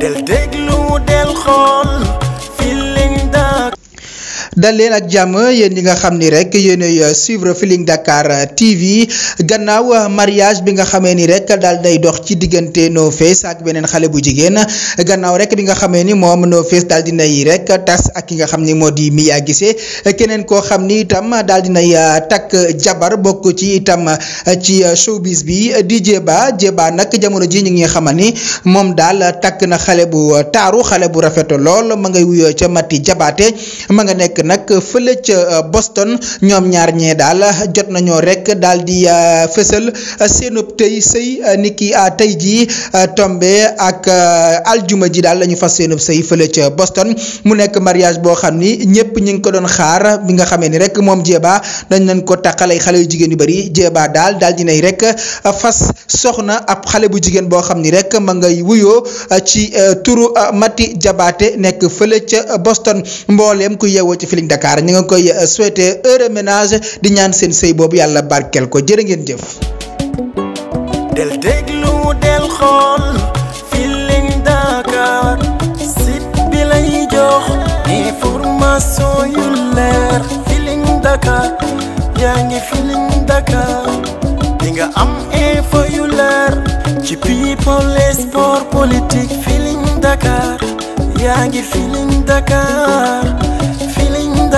del déglu del xool dal leen ak jàmm yéen ñi nga xam ni rek yéenay euh, suivre Feeling Dakar euh, TV gannaaw euh, mariage bi nga xamee ni rek daal day dox ci diggante No Face ak beneen xale bu jigéen gannaaw rek bi nga xamee ni moom No Face daal di nay rek tas ak ki nga xam ni moo di Mia Guissé keneen koo xam ni itam daal di nay takk jabar bokk ci itam ci showbiz bi di Jeeba Jeeba nag jamono ji ñu ngi xamal ni moom daal takk na xale bu taaru xale bu rafet lool ma ngay wuyoo ca Mati Jabaate ma nga nekk. nag fële ca euh, Boston ñoom ñaar ñee daal jot nañoo rek daal di euh, fësal seenub tey sëy euh, ni ki tey jii tombe ak aljuma ji daal la ñu fas seenub sëy fële ca Boston mu nekk mariage boo xam ni ñëpp ñu ngi ko doon xaar bi nga xamee ni rek moom Jeeba dañ nañ ko taqalay xale yu jigéen yu bëri Jeeba daal daal nay rek fas soxna ab xale bu jigéen boo xam ni rek ma ngay wuyoo ci turu Mati Jabaate nekk fële ca Boston mbooleem ku yeewoo ci Feeling Dakar ñu nga koy euh, souhaiter heureux di ñaan seen sëy boobu yàlla barkeel ko jërë ngeen jëf. del déglu del xool Feeling Dakar site lay jox information yu leer Feeling Dakar yaa ngi Feeling Dakar di am info yu leer ci people sport politique Feeling Dakar yaa ngi Feeling Dakar.